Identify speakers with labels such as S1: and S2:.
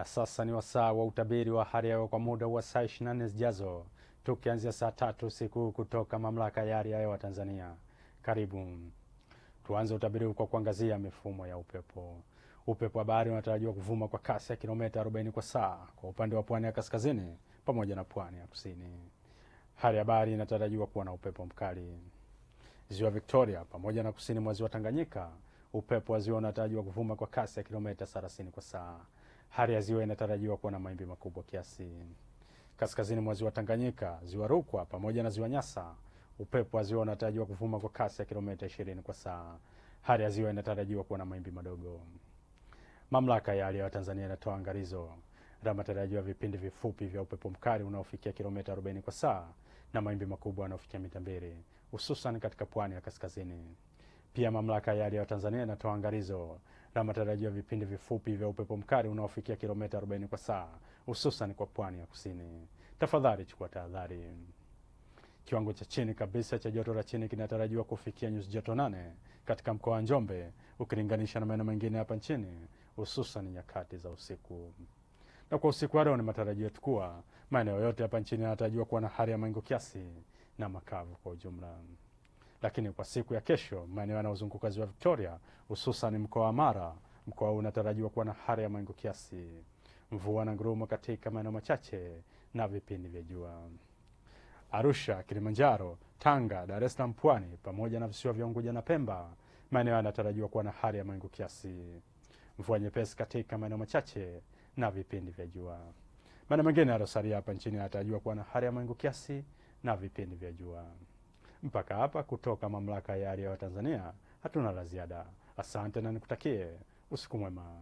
S1: Na sasa ni wasaa wa utabiri wa hali ya hewa kwa muda wa saa 24 zijazo, tukianzia saa tatu usiku kutoka Mamlaka ya Hali ya Hewa Tanzania. Karibu tuanze utabiri kwa kuangazia mifumo ya upepo. Upepo wa bahari unatarajiwa kuvuma kwa kasi ya kilomita 40 kwa saa kwa upande wa pwani ya kaskazini pamoja na pwani ya kusini. Hali ya bahari inatarajiwa kuwa na upepo mkali. Ziwa Victoria pamoja na kusini mwa ziwa Tanganyika, upepo wa ziwa unatarajiwa kuvuma kwa kasi ya kilomita 30 kwa saa Hali ya ziwa inatarajiwa kuwa na mawimbi makubwa kiasi kaskazini mwa ziwa Tanganyika, ziwa Rukwa pamoja na ziwa Nyasa. Upepo wa ziwa unatarajiwa kuvuma kwa kasi ya kilomita 20 kwa saa. Hali ya ziwa inatarajiwa kuwa na mawimbi madogo. Mamlaka ya hali ya hewa Tanzania inatoa angalizo la matarajio ya vipindi vifupi vya upepo mkali unaofikia kilomita 40 kwa saa na mawimbi makubwa yanayofikia mita mbili hususan katika pwani ya kaskazini. Pia mamlaka ya hali ya hewa Tanzania inatoa angalizo na matarajio ya vipindi vifupi vya upepo mkali unaofikia kilomita 40 kwa saa, hususan kwa pwani ya kusini. Tafadhali chukua tahadhari. Kiwango cha chini kabisa cha joto la chini kinatarajiwa kufikia nyuzi joto nane katika mkoa wa Njombe ukilinganisha na maeneo mengine hapa nchini, hususan nyakati za usiku. Na kwa usiku wa leo, ni matarajio yetu kuwa maeneo yote hapa nchini yanatarajiwa kuwa na hali ya mawingu kiasi na makavu kwa ujumla. Lakini kwa siku ya kesho, maeneo yanayozunguka ziwa Victoria, hususan mkoa wa Mara, mkoa huu unatarajiwa kuwa na hali ya mawingu kiasi, mvua na ngurumo katika maeneo machache na vipindi vya jua. Arusha, Kilimanjaro, Tanga, Dar es Salaam, Pwani pamoja na visiwa vya Unguja na Pemba, maeneo yanatarajiwa kuwa na hali ya mawingu kiasi, mvua nyepesi katika maeneo machache na vipindi vya jua. Maeneo mengine yaliyosalia hapa nchini yanatarajiwa kuwa na hali ya mawingu kiasi na vipindi vya jua. Mpaka hapa kutoka mamlaka ya ardhi ya Tanzania hatuna la ziada. Asante na nikutakie usiku mwema.